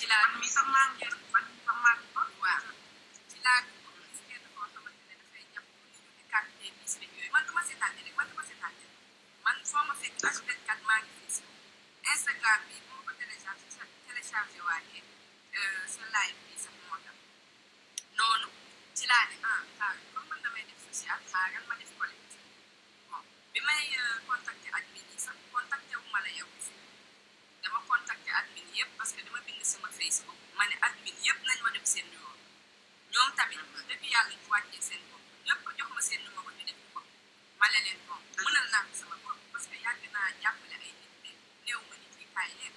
ci laa man sax maa ngi man mi maa ngi woon waaw ci laa gis kenn koo xamante ne dafay jàpp ñu ne carte man dama seetaan rek man man soo ma fekk as benn kat maa ngi gis Instagram bi bu euh, ma sax moo tax noonu ci laa ne ah xaaral ah, comme man damay def social xaaral ma def collectif bon bi may euh, contacté ak bi nii sax contacté wu ma sama Facebook ma ne admin yëpp nañ ma def seen numéro ñoom tamit depuis yàlla ñu wàccee seen bopp yëpp jox ma seen numéro ñu def ko ma ne leen bon mënal naa ko sama bopp parce que yàgg naa jàppale ay nit ne néew ma nit yi kaay leen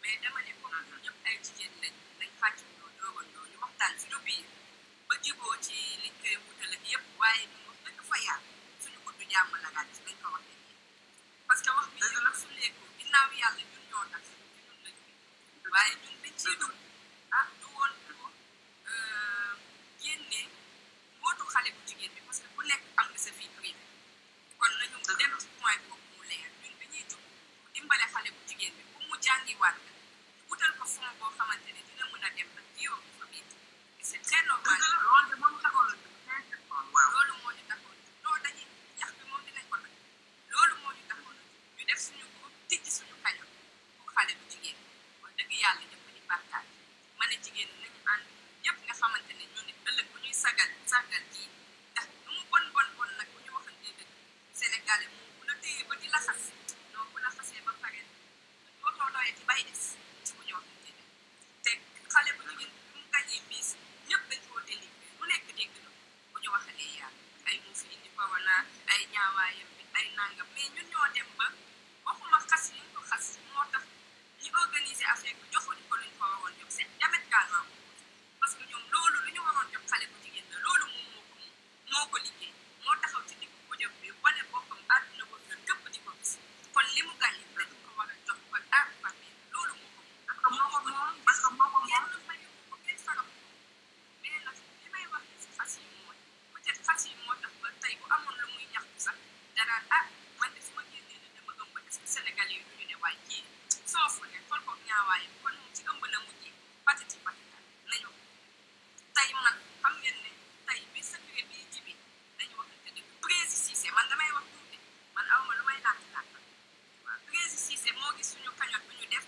mais dama ne comme ñëpp ay jigéen lañ nañ fàccandoo doogandoo ñu waxtaan suñu biir ba jiboo ci liñ koy wutal ak yëpp waaye ñu wax dëgg fa yàlla suñu gudd jàmm la laaj ci dañ ko wax parce que wax bi yàlla su leeku ginnaaw yàlla ñun ñoo tax ñun lañu waaye Freedom. gisee moo gis suñu cagnotte bu ñu def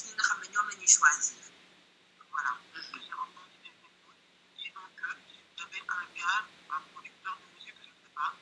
C'est une nga xam ne ñoom la ñuy choisir voilà. j'ai entendu des propos disant que j'avais un gars, un producteur de musique, je ne sais pas.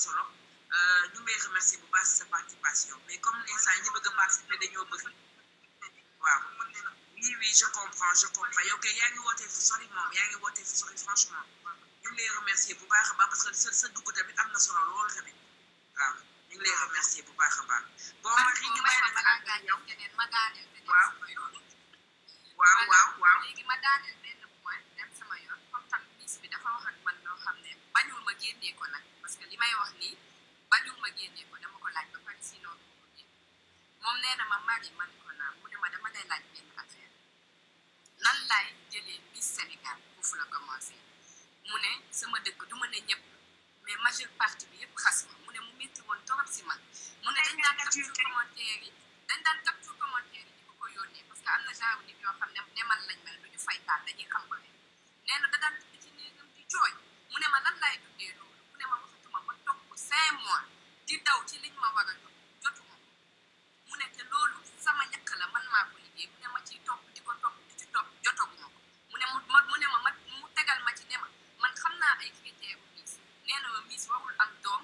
solo ñu eh, may remercier bu baax sa participation mais comme l'instant ñi bëgg participer dañoo bëri waaw oui oui je comprends je comprends yow ya yaa ngi wootee fu sori moom ya ngi wootee fu sori franchement ñu ngi lay remercier bu baax ba parce que sa sa dugg tamit am na solo lool tamit waaw ñu ngi lay remercier bu baax ba baax. bon Marie ñu bàyyi la nga àggal yow waaw waaw waaw waaw. léegi ma daaneel benn point dem sama yoon comme tam bis bi dafa wax ak man loo xamné génnee ko nag parce li may wax nii bañuma génnee ko dama ko laaj ba pare sinon du ko génne moom nee na ma mari man ko naa mu ne ma dama lay laaj benn affaire nan jëlee Miss Sénégal foofu la commencé mu ne sama dëkk du ma ne ñëpp mais majeure partie bi yëpp xas ma mu ne mu métti woon torop si man mu ne man lañ mel du ñu faytaal dañuy xam ba nee da daan dugg ci néegam di jooy mu ne ma lan dundee cinq mois di daw ci liñ ma war a jot jotuma mu ne te loolu sama ñàkk la man maa ko liggéey mu ne ma ciy topp di ko topp di ci topp jotaguma ko mu ne ma mu ne ma mu tegal ma ci ne ma man xam naa ay critères bu miis nee na ma miis warul am doom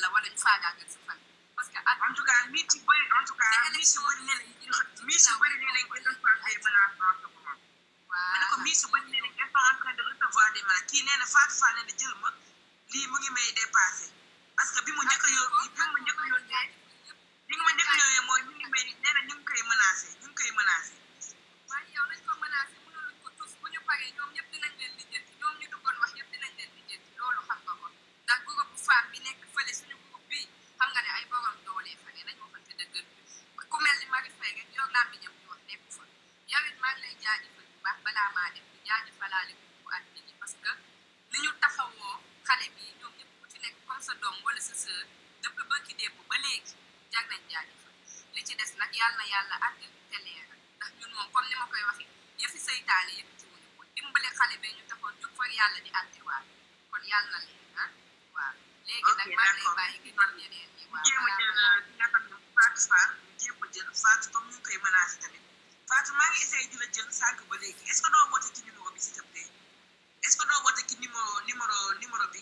la wala ñu faagaagal sa fan. parce que mu ngi may dépassé parce que bi mu njëkk a bi mu njëkk a yor li nga ma ñu ngi may nee ñu ngi koy menacé ñu ngi koy que depuis bëgg démb ba léegi jag nañ li ci des nag yàlla yàlla ànd te leer ndax ñun moom comme ni ma koy waxee yëfi seytaane yëpp ci wuñu ñu taxoon ñu foog yàlla di àtte ah, maa ngi lay bàyyi euh, di mën ba léegi est doo woote ci numéro bi s'il te plaît est doo woote ci numéro numéro numéro bi.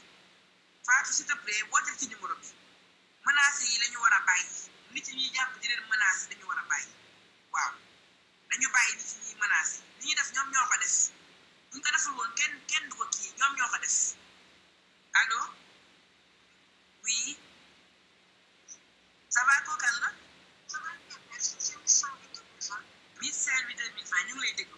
Fatou s'il te plaît wooteel ci numéro bi menaces yi la war a bàyyi nit yi ñuy jàpp di leen menacer war a bàyyi waaw dañu bàyyi nit yi ñuy menacer li ñuy def ñoom ñoo ko def buñ ko deful kenn kenn du ko kii ñoom ñoo ko def allo oui ça va kooku àll. mille cinq mille deux mille francs ñu ngi lay déglu.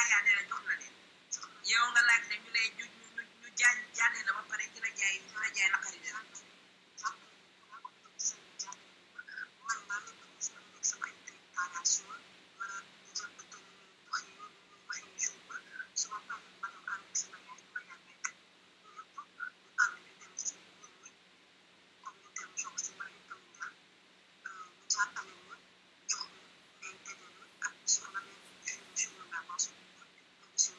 大家那个用的，用的那个。gente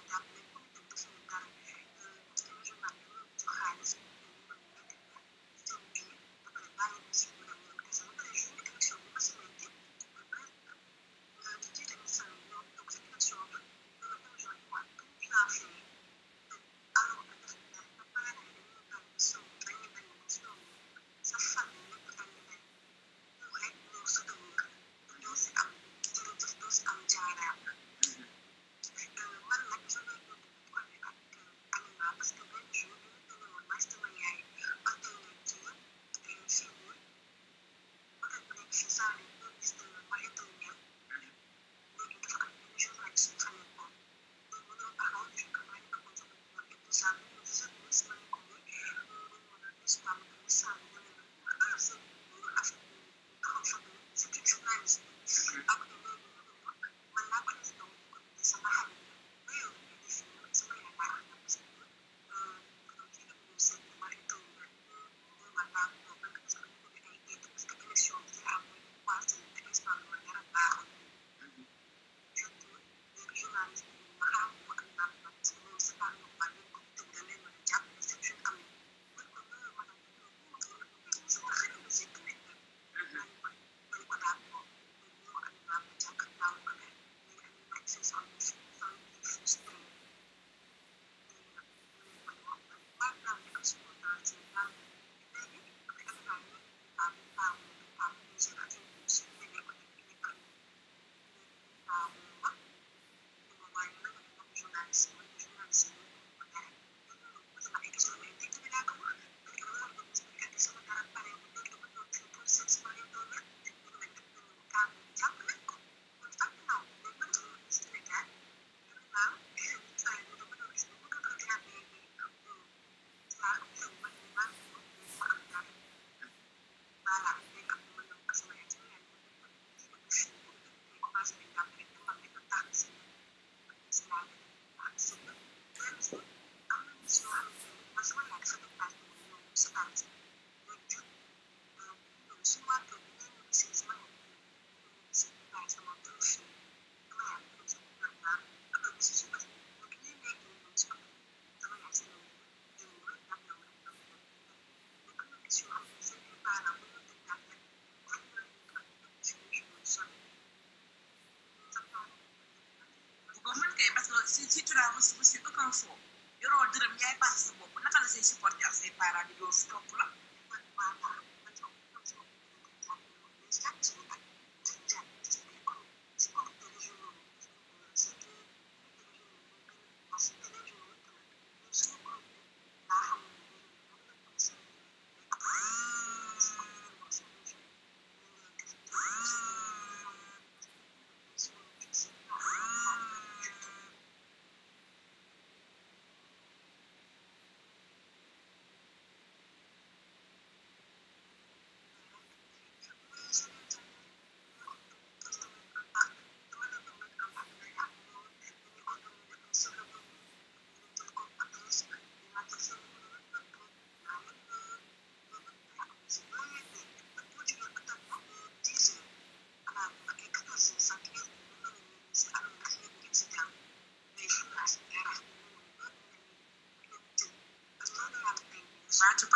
naturellement si monsieur aucun faux yoroo dërëm yaay paase sa bopp naka la say supporter ak say parents di doo topp la.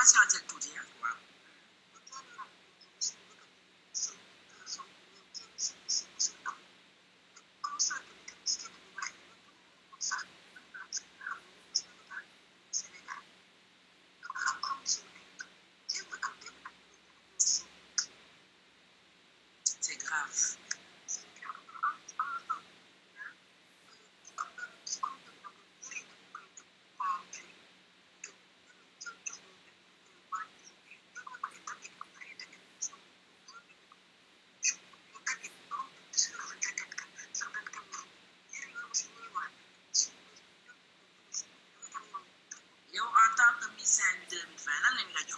restaurants 不然，你没有。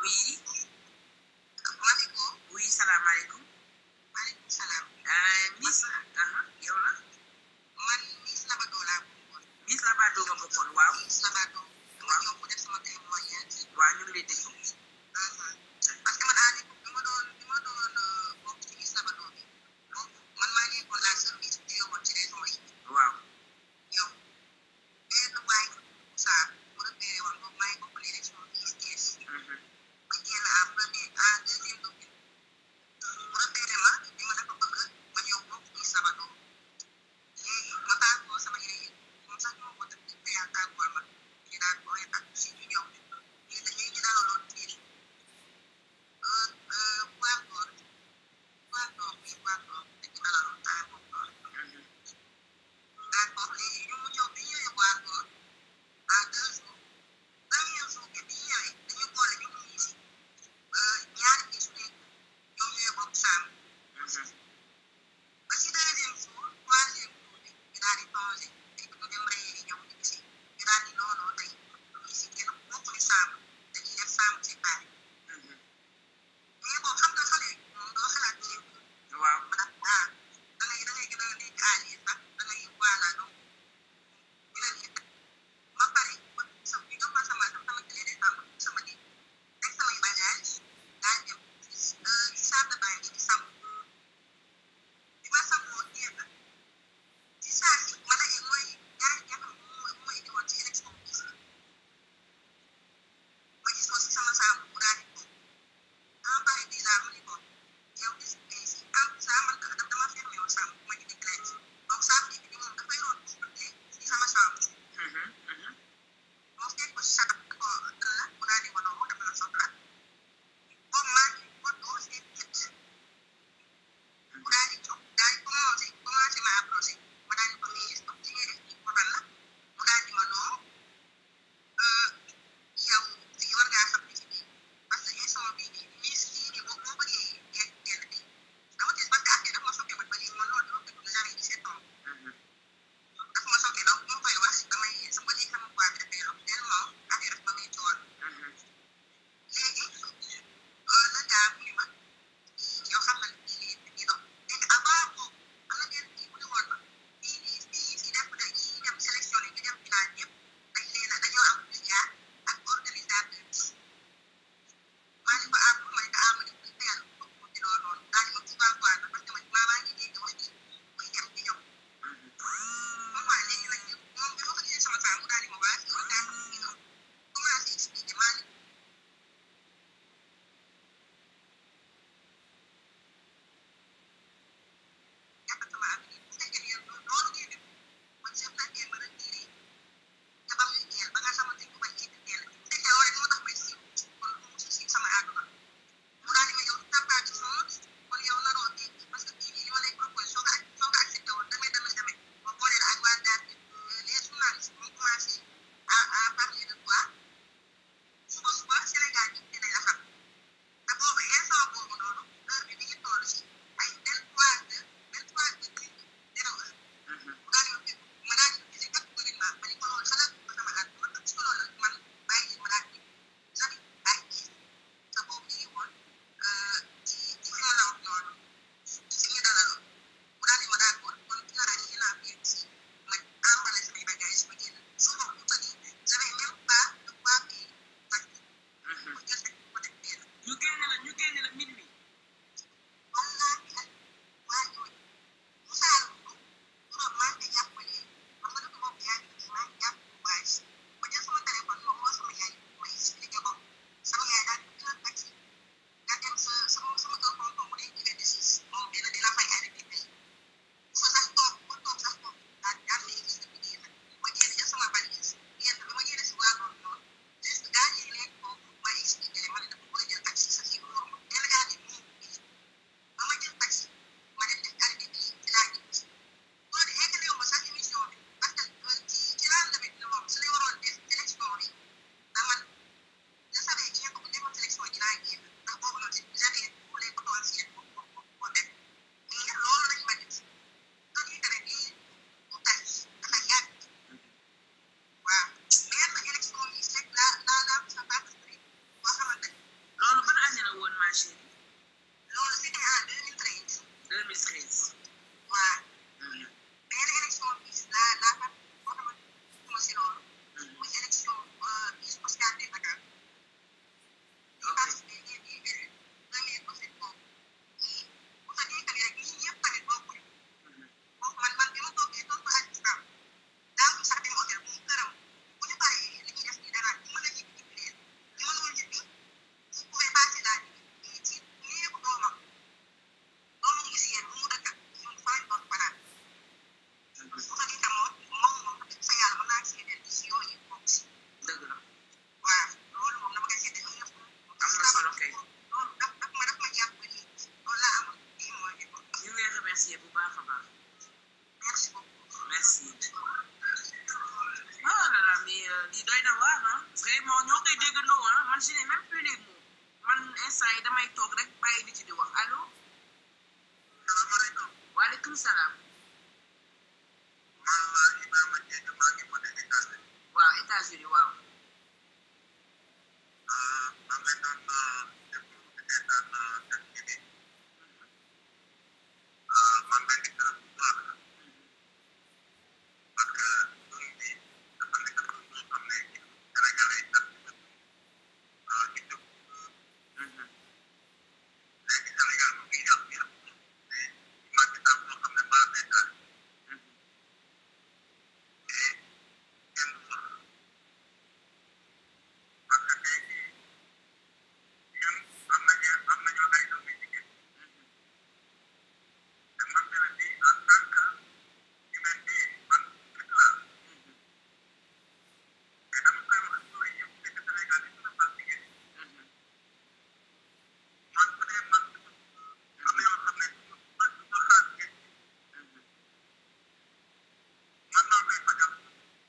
oui ma ne ko oui salaamaaleykum maaleykum salaam ah, miss aha yow la man miss Labado laa bokkoon miss Labado nga bokkoon waaw miss Labado waaw ñoo ko def sama témoignage waaw ñu ngi lay déglu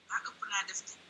naa bëgg naa ëpp naa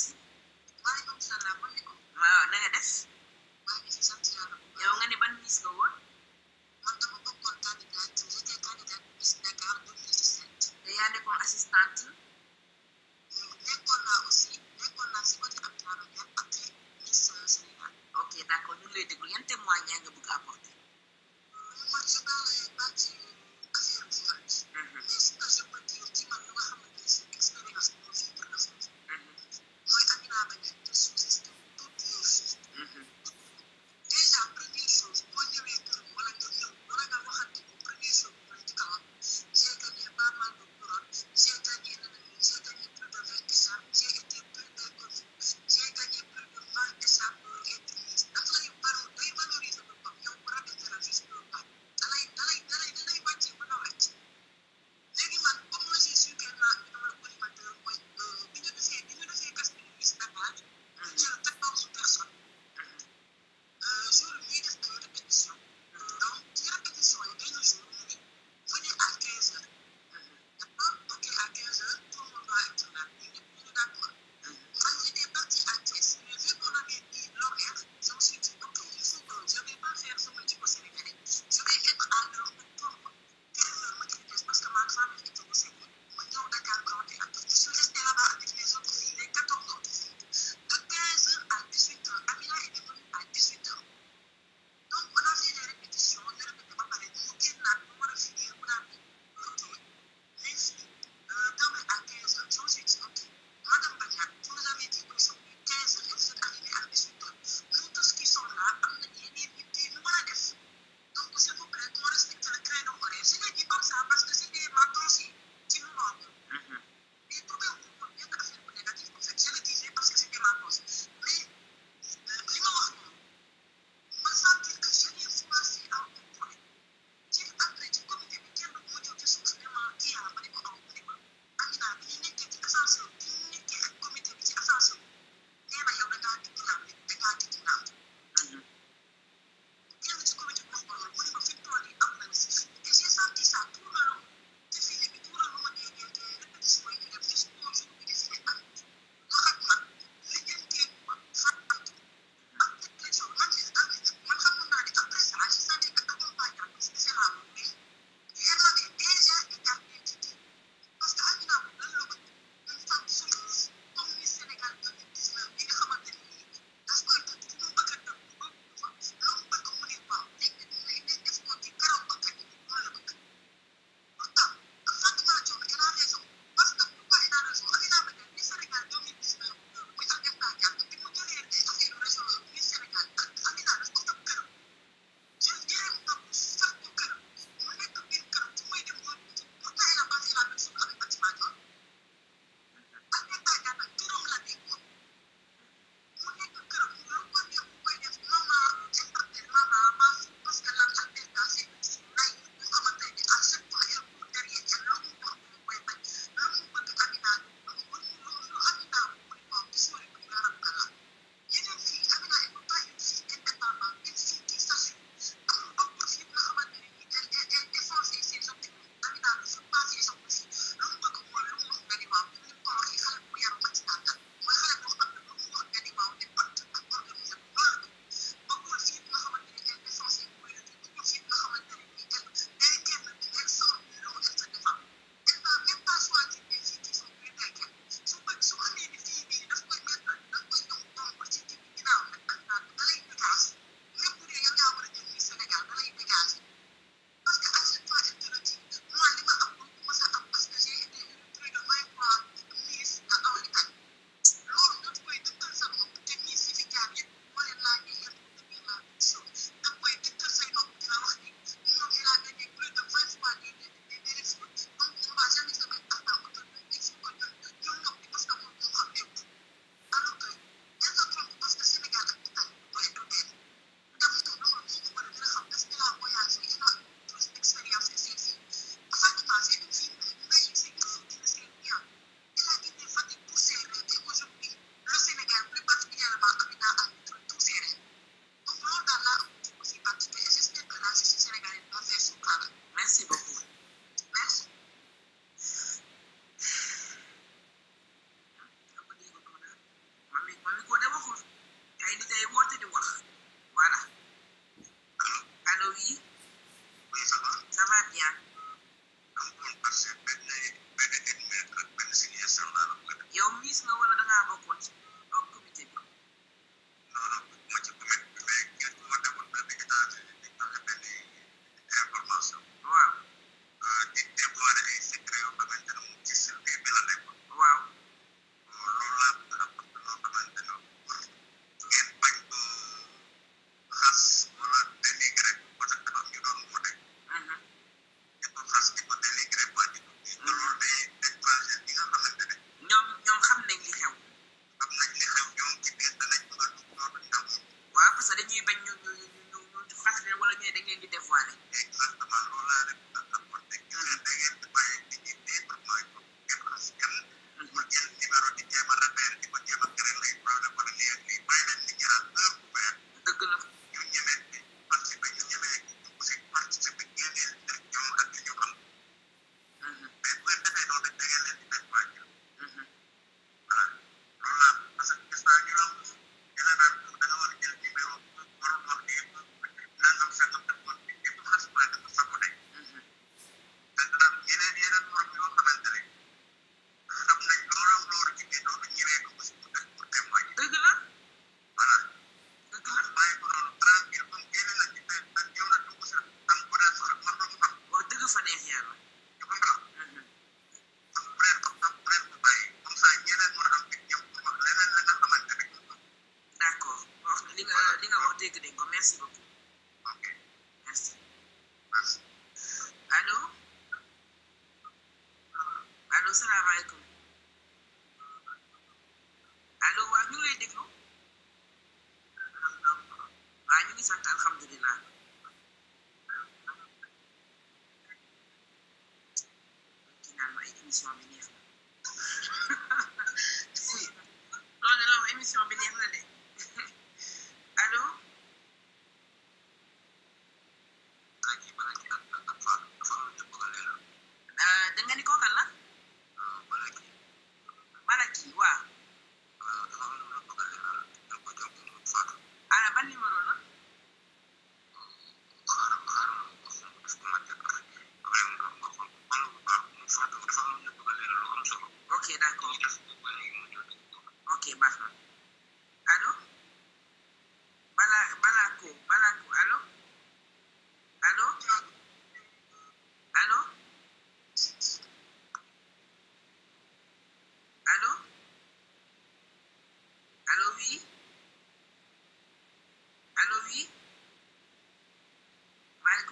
Thanks. 明年。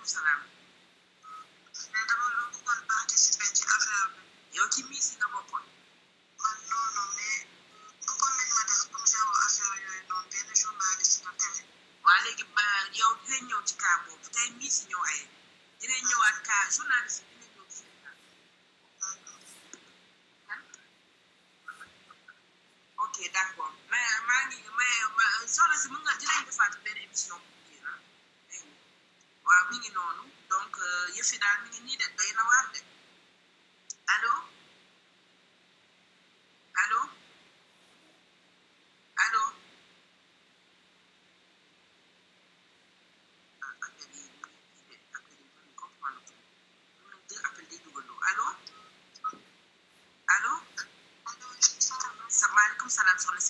salaam mais dama la bëggoon participer ci affaire bi yow ci miis nga bokkoon man noonu mais bëggoon nañ ma def comme genre affaire yooyu noonu benn journaliste de télé waa léegi ba yow dinañ ñëw ci cas tey miis yi ñëw ay dinañ ñëwaat cas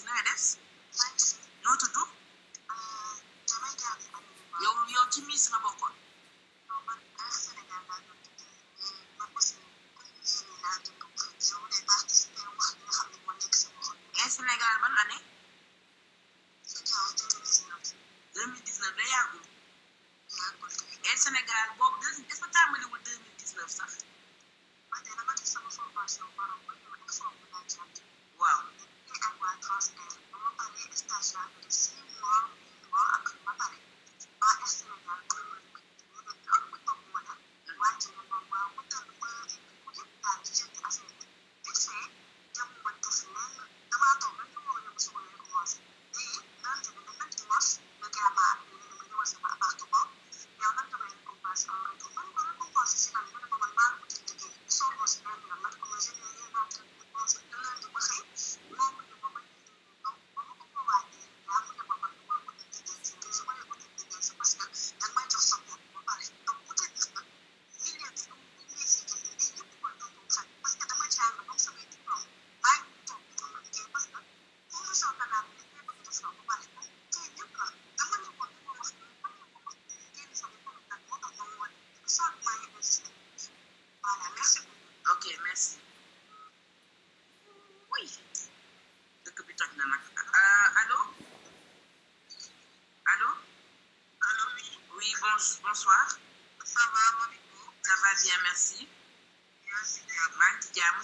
naka def noo tudd yow yow ci miis nga bokkoon et eh, Sénégal ban année deux mille dix neuf la yàggul et eh, Sénégal boobu deux est-ce que tàmbaliwul deux mille dix neuf sax waaw Thank you.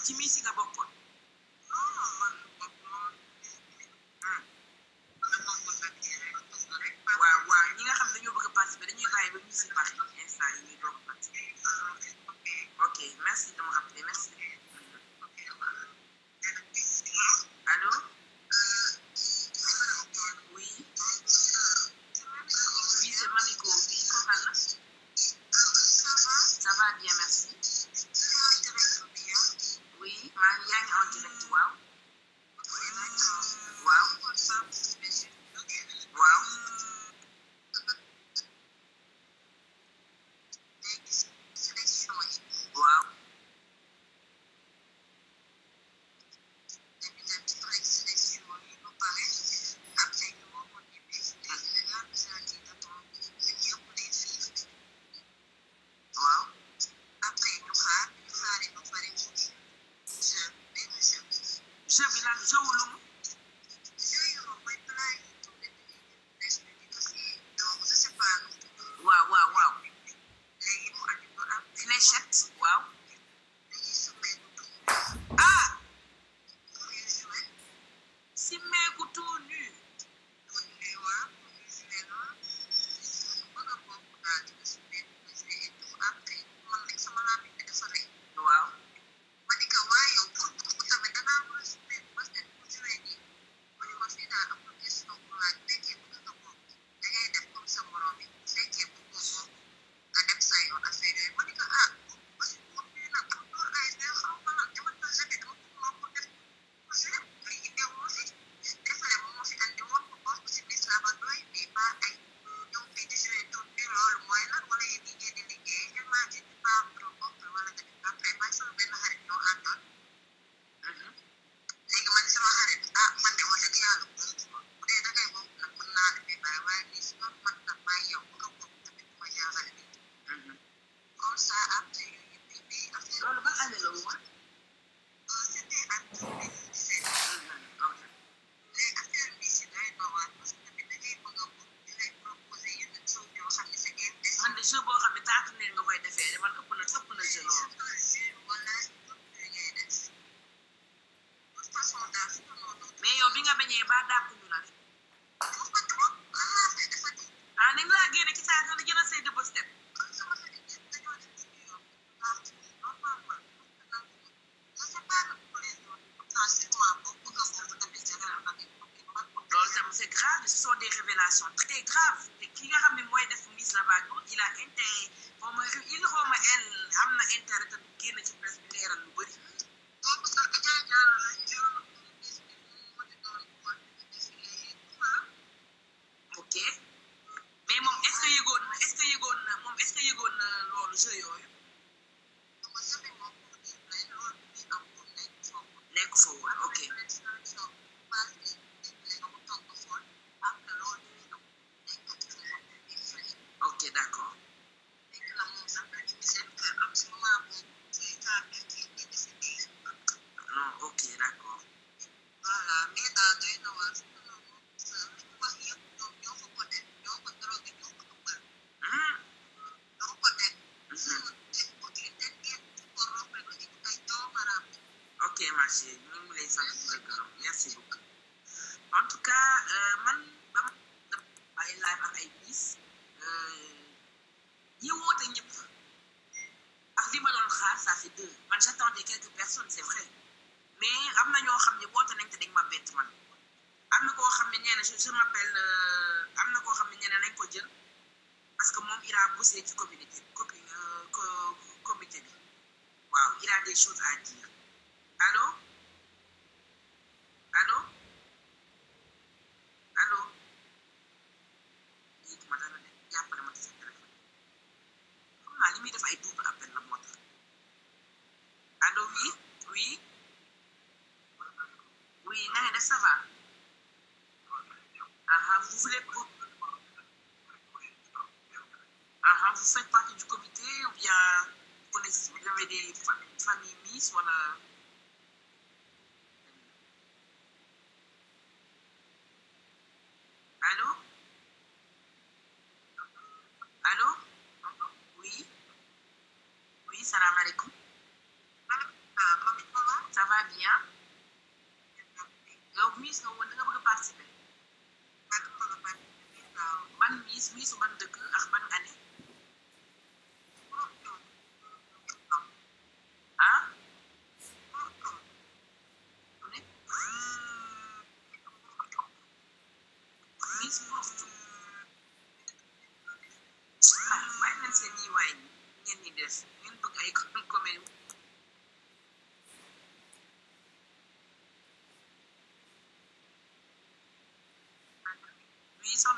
оптимистик am na ñoo xam ne woote nañ te dañ ma bett ma am na koo xam ne nee na je je euh, am na koo xam ne nee na nañ ko jël parce que moom il a bossé ci communauté euh, comité bi waaw il a des choses à dire allo. vous faites partie du comité ou bien vous, avait avez des familles mises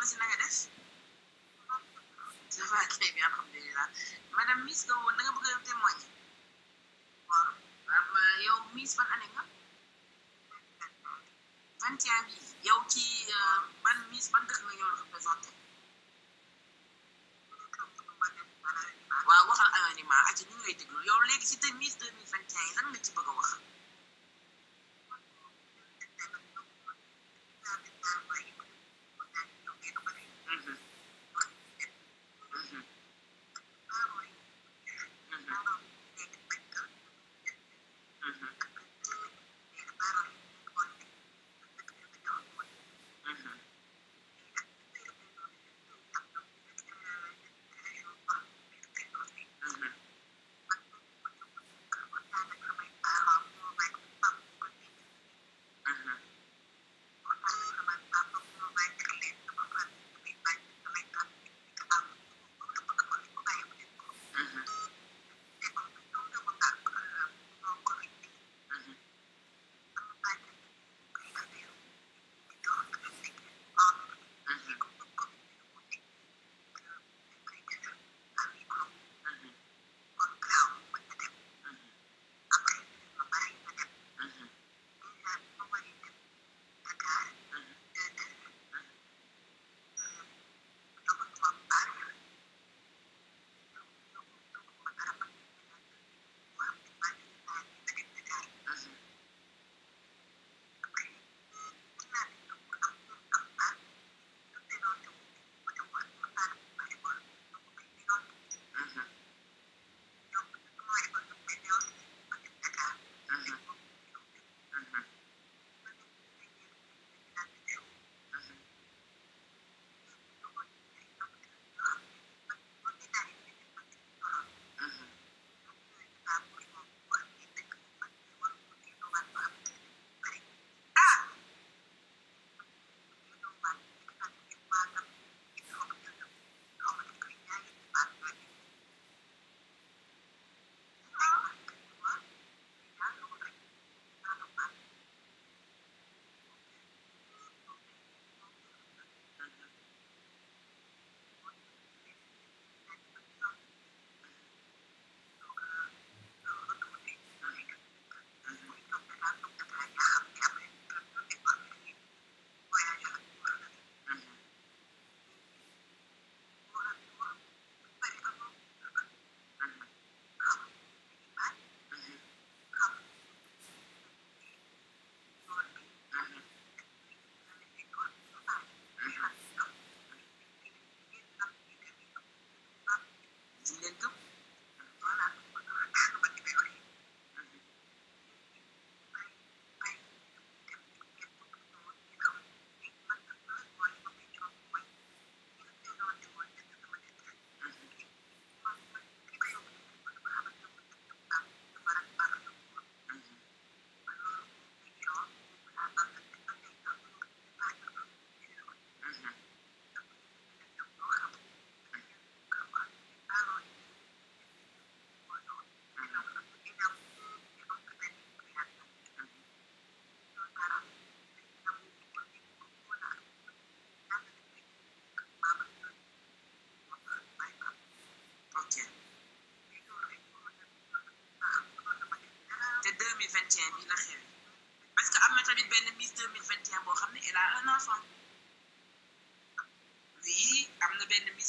si na def ça va très woon da nga bëgg a témoigner waaw yow Miss ban année nga vingt et yow ci ban Miss ban dëkk nga ñoo la représenté waaw waxal anonymat aci ñu ngi lay déglu yow léegi ci te Miss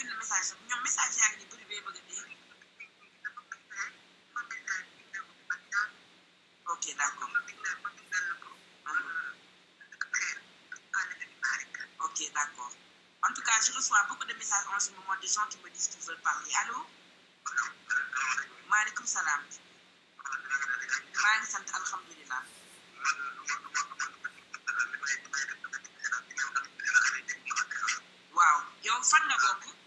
bind message am ñoom message yaa ngi bëri bee bëgg a dee. ok d' accord. ok d' accord en tout cas je reçois beaucoup de messages en ce moment de gens qui me disent qu'ils veulent parler allô. maaleykum salaam. maa ngi sant alhamdulilah. waaw yow fan nga bokk.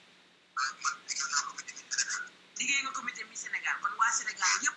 yang penguasa negara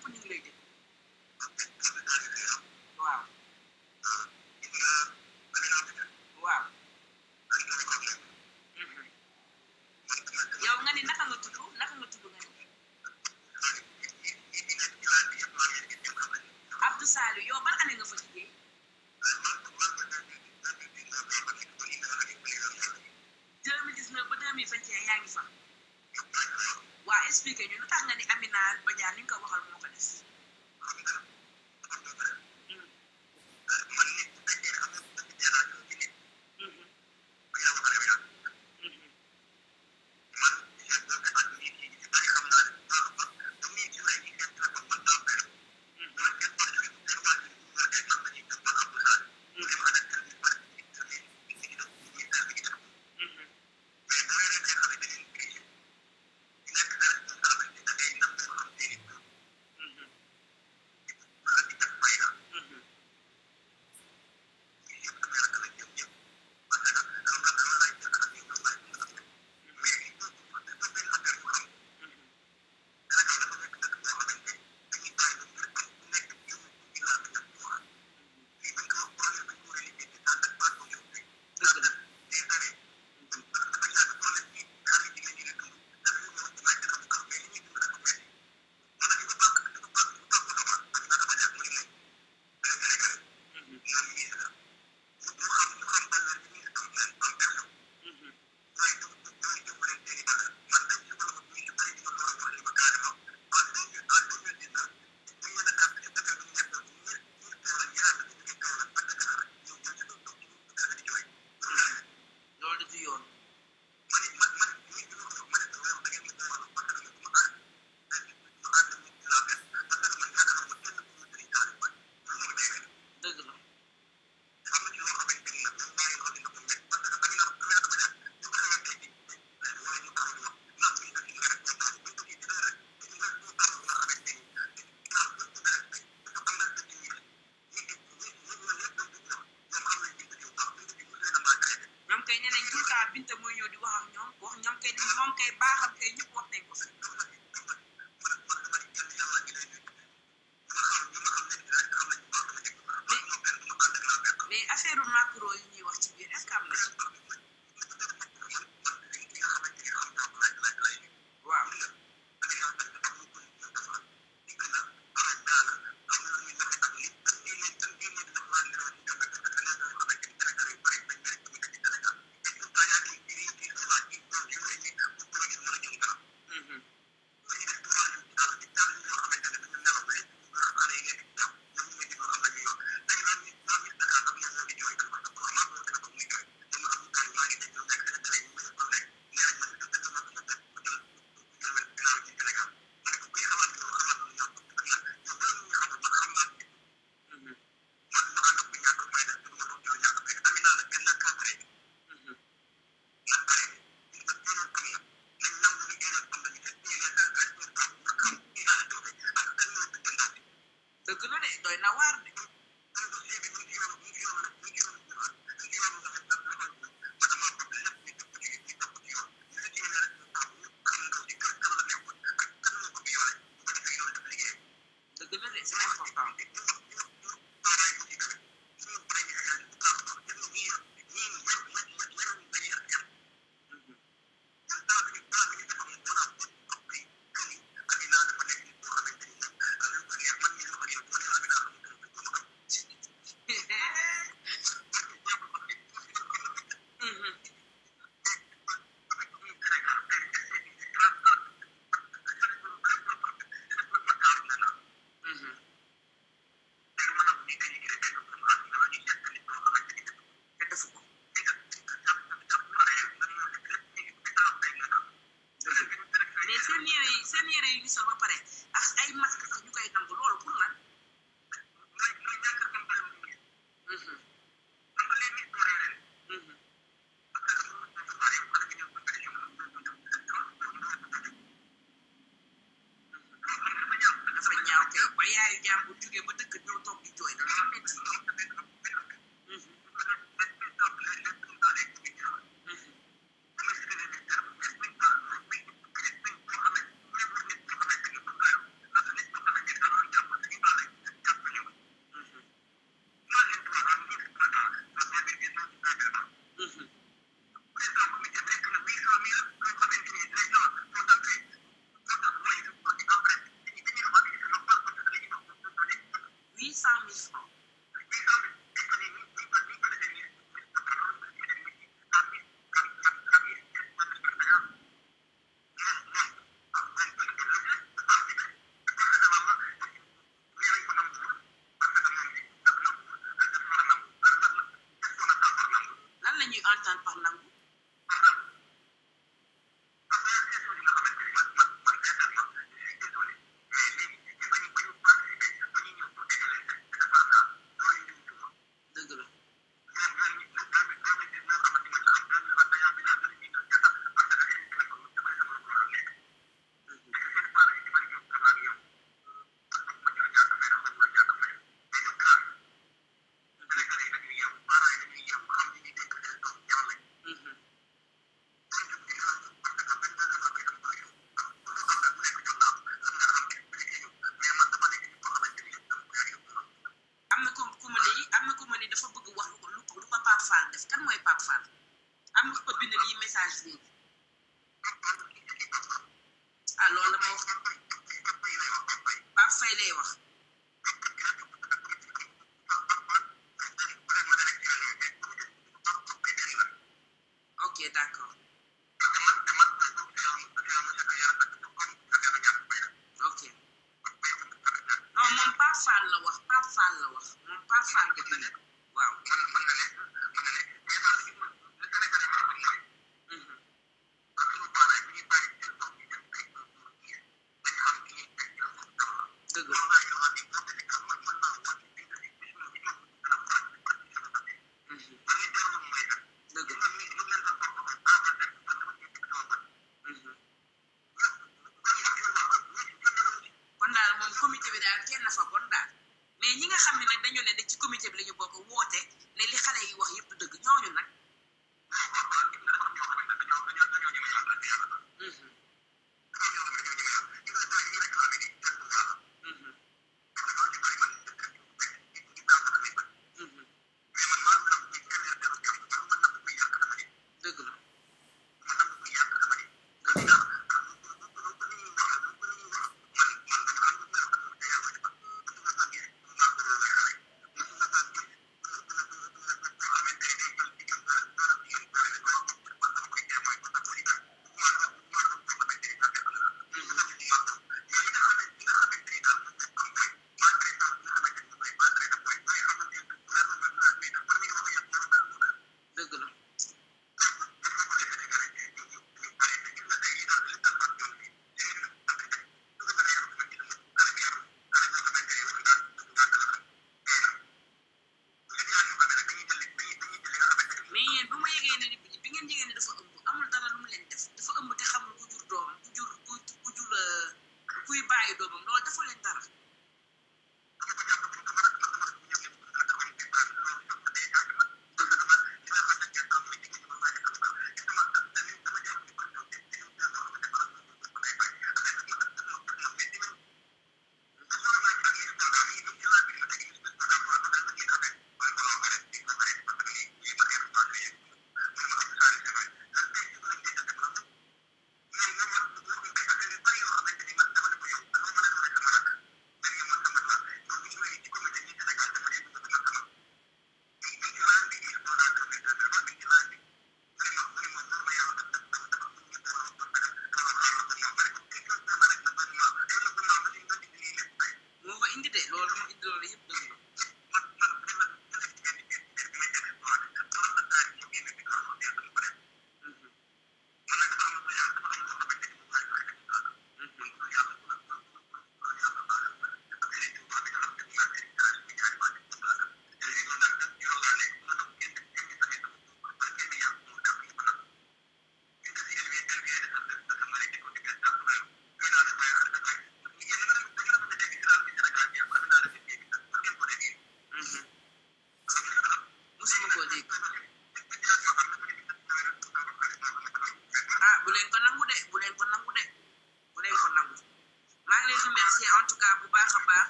Fall la wax Pape Fall la wax moom Pape Fall.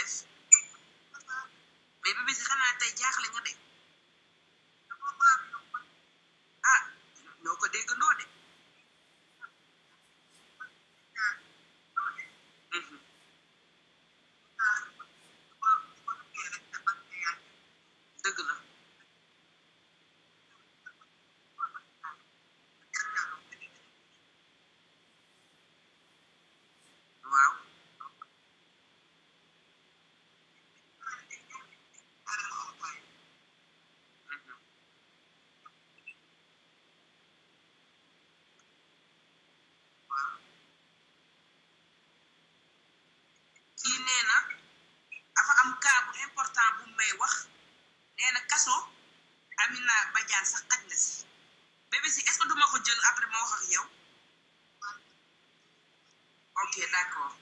honest kii nee na dafa am cas important bu may wax nee na kaso Amina Badiane sax xaj na si bébé si est que duma ko jël après moo wax ak yow ok d'accord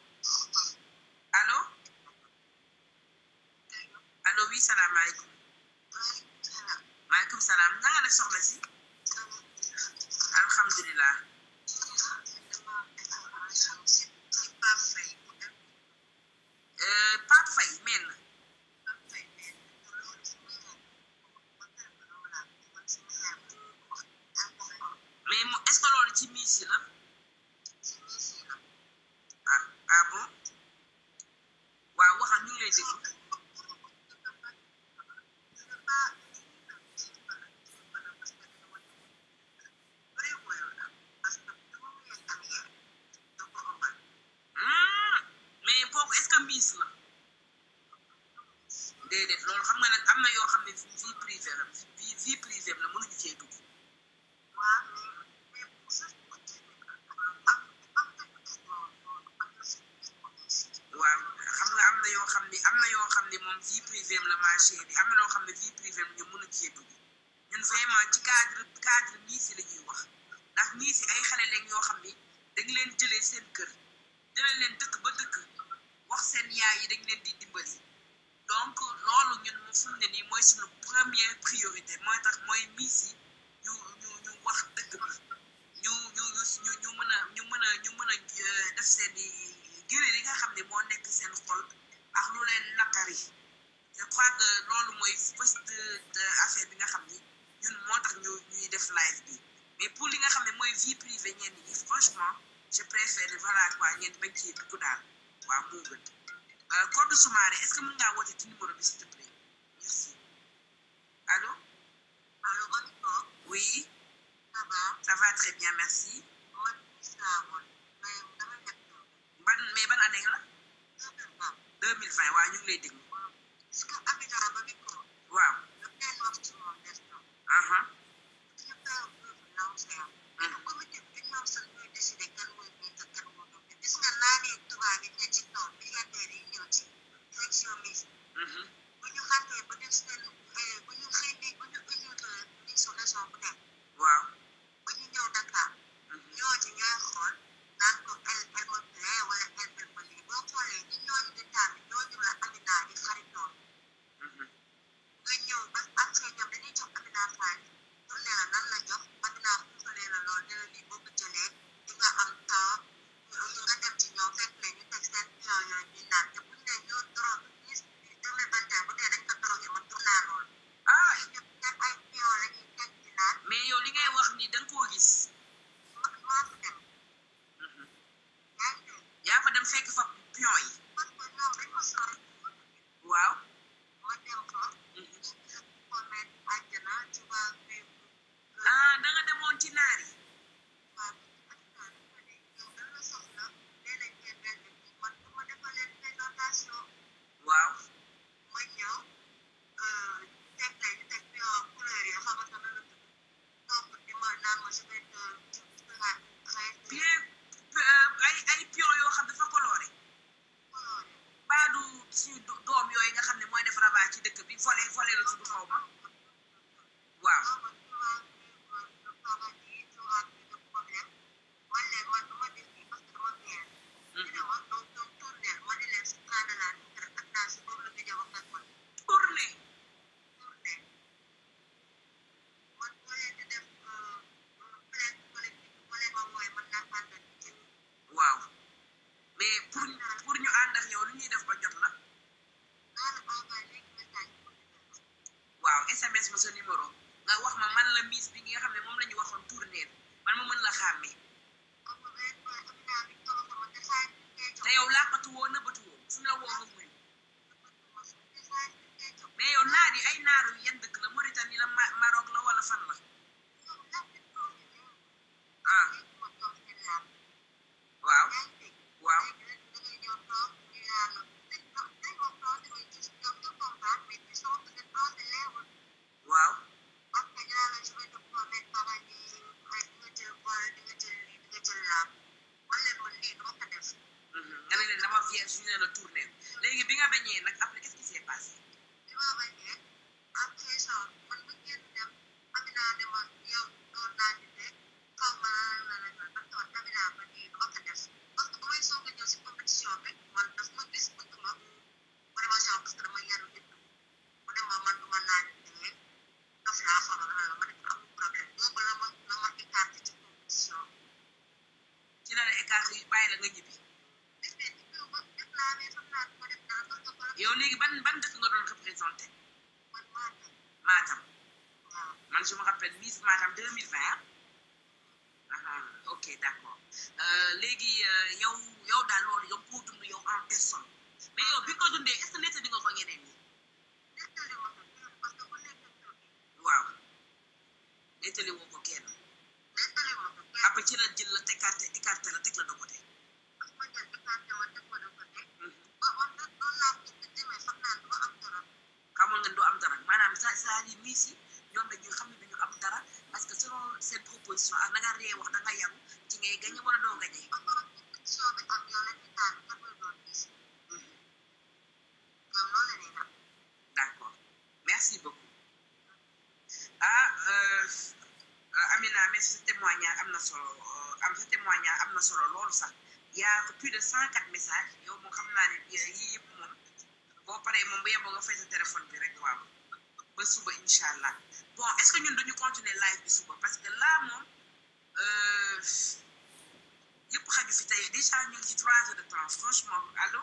silly you. Merci. solo eh, am sa témoignage am na solo loolu sax yaa plus de cent quatre messages yow moom xam naa ne yii yëpp moom boo paree moom bu yeboo nga fay sa téléphone bi rek waaw ba suba incha allah bon est-ce continuer live bi suba parce que là moom euh, yëpp xaju si tey déjà ñu ngi ci trois heures de temps franchement allo.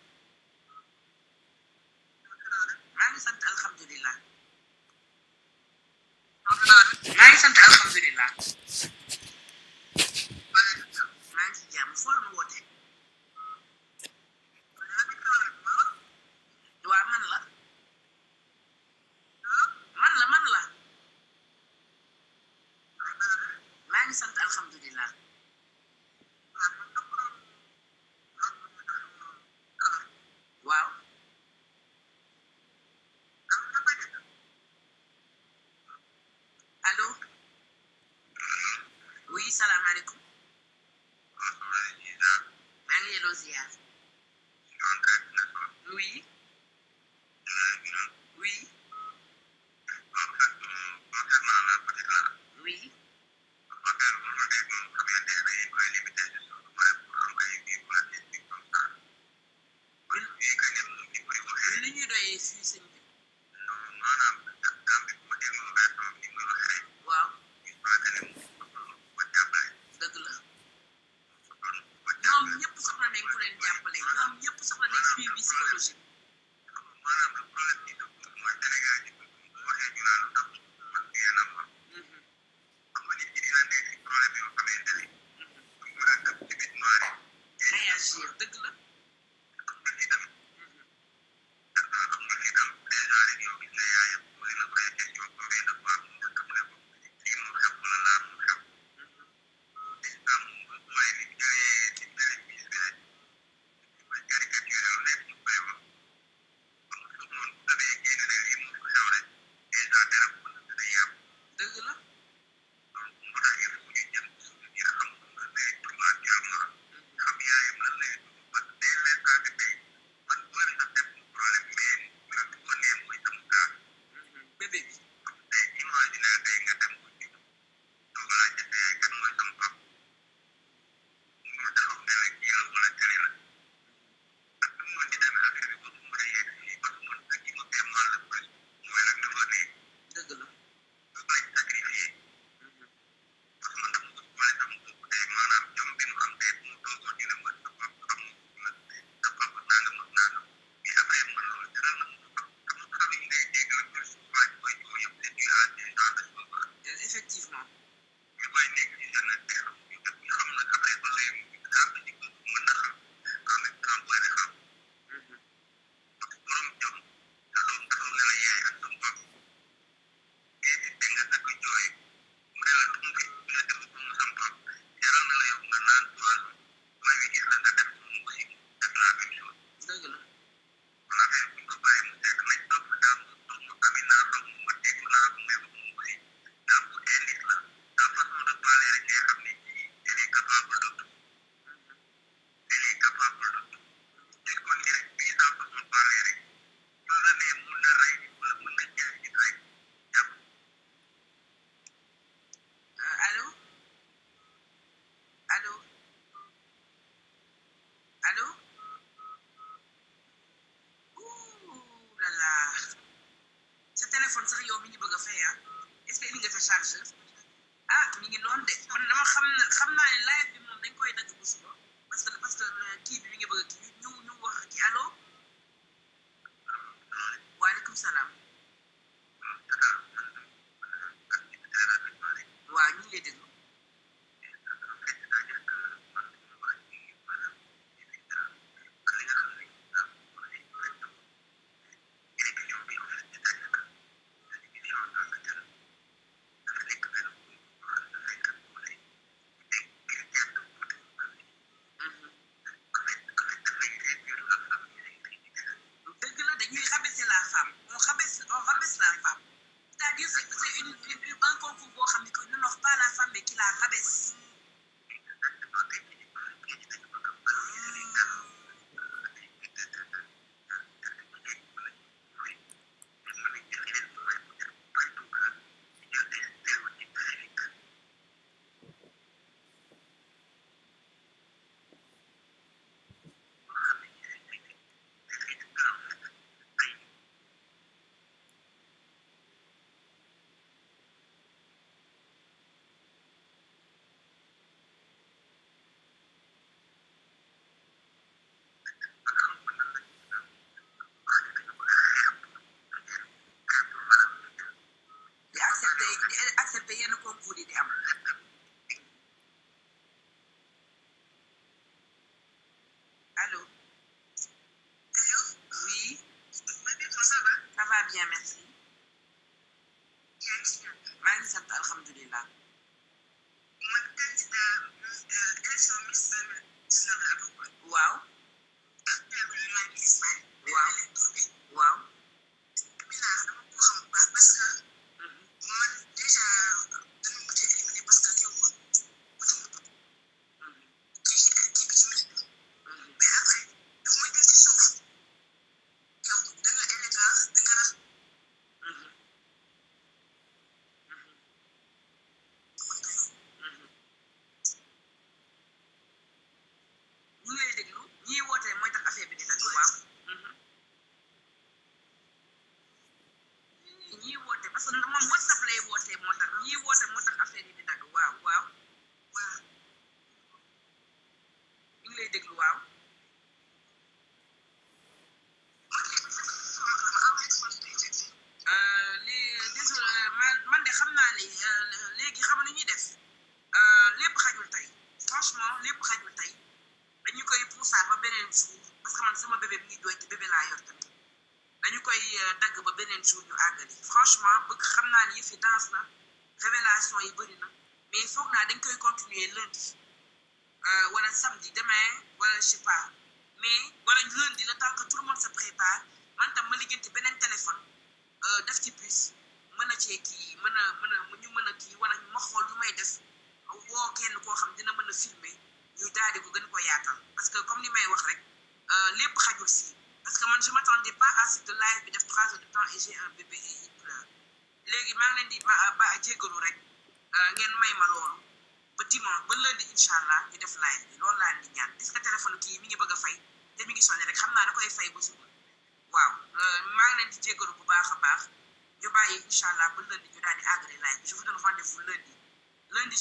Nazis. téléphone sax yow mi ñu bëgg a fay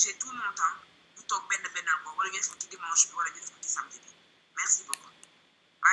J'ai tout mon temps pour ben Ben de wala dimanche samedi merci beaucoup.